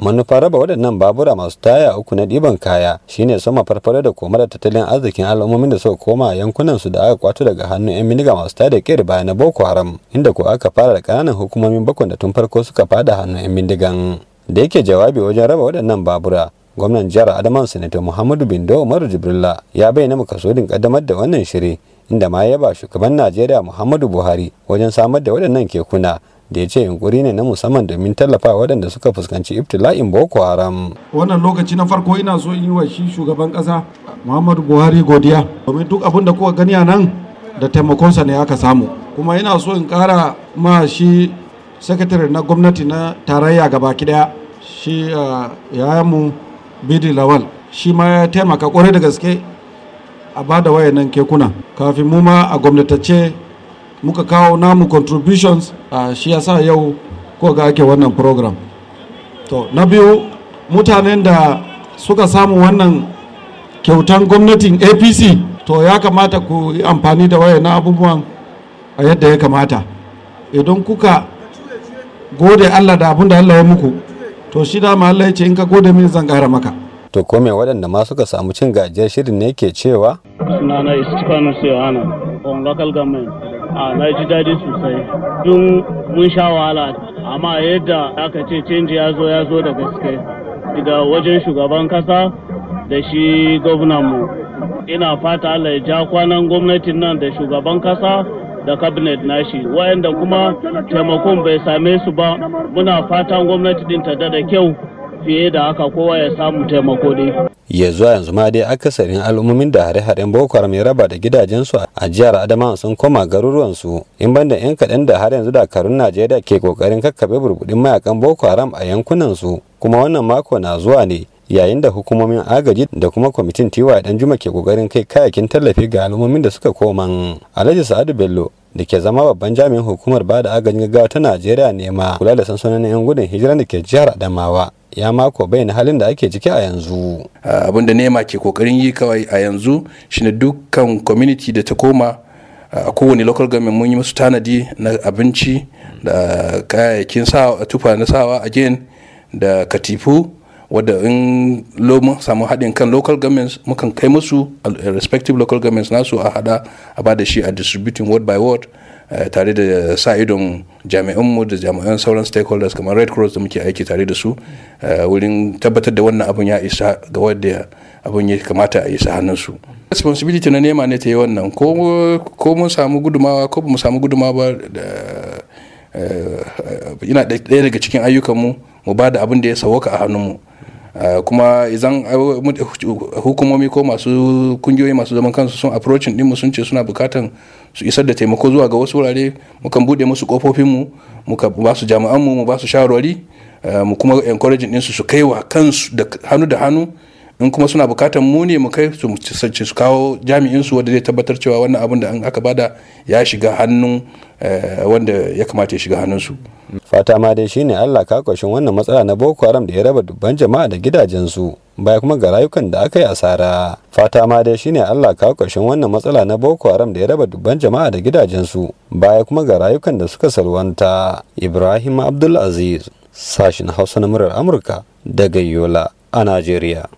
manufa raba waɗannan babura masu taya uku na ɗiban kaya shine sama farfaro da komar tattalin arzikin al'ummomin da suka koma yankunan su da aka kwato daga hannun yan miniga masu tada kiyar baya na boko haram inda ko aka fara da ƙananan hukumomin bakon da tun farko suka fada hannun yan bindigan da yake jawabi wajen raba waɗannan babura gwamnan jihar adaman sanato muhammadu bindo umaru jibrilla ya bayyana makasudin kaddamar da wannan shiri inda ma ya ba shugaban najeriya muhammadu buhari wajen samar da waɗannan kekuna da ya ce yunkuri ne na musamman domin tallafa waɗanda suka fuskanci ibtila'in boko haram wannan lokaci na farko ina so in yi wa shi shugaban ƙasa muhammadu buhari godiya domin duk abin da kuka gani a nan da taimakonsa ne aka samu kuma ina so in ƙara ma shi sakatare na gwamnati na tarayya gabaki daya shi eh, yayanmu bidi lawal shi ma ya taimaka kwarai da gaske a bada wayannan kekuna kafin mu ma a gwamnatace muka kawo namu contributions a shi yasa yau ko ga ake wannan program to na biyu mutanen da suka samu wannan kyautan gwamnatin apc to ya kamata ku yi amfani da waya na abubuwan a yadda ya kamata idan kuka gode allah da abin da allah ya muku to shi dama allah ya ce in ka gode min zan kara maka to kome waɗanda ma suka samu cin gajiyar shirin ne ke cewa sunana istifanu yohana on local government a ah, na ji daɗi sosai dun mun sha wahala amma yadda aka ce canji ya zo ya zo da gaske daga wajen shugaban kasa da shi mu ina fata allah ya ja kwanan gwamnatin nan da shugaban kasa da cabinet nashi wayanda kuma taimakon bai same su ba muna fatan gwamnati din ta da kyau fiye da haka kowa ya samu taimako dai ya zuwa yanzu ma dai akasarin al'ummomin da hare-haren boko haram ya raba da gidajensu a jihar adama sun koma garuruwansu in banda yan kaɗan da har yanzu dakarun najeriya ke kokarin kakkabe burbuɗin mayakan boko haram a yankunansu kuma wannan mako na zuwa ne yayin da hukumomin agaji da kuma kwamitin tiwa dan juma ke kokarin kai kayakin tallafi ga al'ummomin da suka koma alhaji sa'adu bello da ke zama babban jami'in hukumar bada agajin gaggawa ta najeriya ne ma kula da sansanonin yan gudun hijira da ke jihar adamawa ya mako bayyana halin da ake ciki a yanzu abin da nema ke kokarin yi kawai a yanzu shine dukkan community da ta koma a kowane local government mun yi musu tanadi na abinci da kayayyakin tufa na sawa again da katifu wadda in samu haɗin kan local governments mukan kai musu respective local governments nasu a hada a ba da shi a distributing word by word Eh, tare da sa idon jami'anmu da jami'an sauran stakeholders kamar red cross da muke aiki tare da su eh, wurin tabbatar da wannan abun ya isa ga wadda abun ya kamata a isa hannun su responsibility na nema ne ta yi wannan ko mun samu gudumawa ko mu samu gudumawa ba yana eh, ɗaya daga cikin ayyukanmu mu ba da abin da ya sauwaka a hannunmu Eh, kuma izan eh, hukumomi ko masu kungiyoyi masu zaman kansu sun approaching dinmu sun ce suna bukatan su isar da taimako zuwa ga wasu wurare mukan bude musu kofofinmu muka ba su jami'anmu mu ba su shawarwari eh, mu kuma encouraging din su su kaiwa kansu da hannu da hannu in kuma suna bukatar mu ne mu kai su su kawo jami'in su wanda zai tabbatar cewa wannan abin da an aka bada ya shiga hannun eh, wanda ya kamata ya shiga hannun su fata ma dai shine Allah ka kwashin wannan matsala na Boko Haram da ya raba dubban jama'a da gidajen su baya kuma ga rayukan da aka yi asara fata ma dai shine Allah ka kwashin wannan matsala na Boko Haram da ya raba dubban jama'a da gidajen su baya kuma ga rayukan da suka salwanta Ibrahim Abdul Aziz sashin Hausa na murar Amurka daga Yola a Najeriya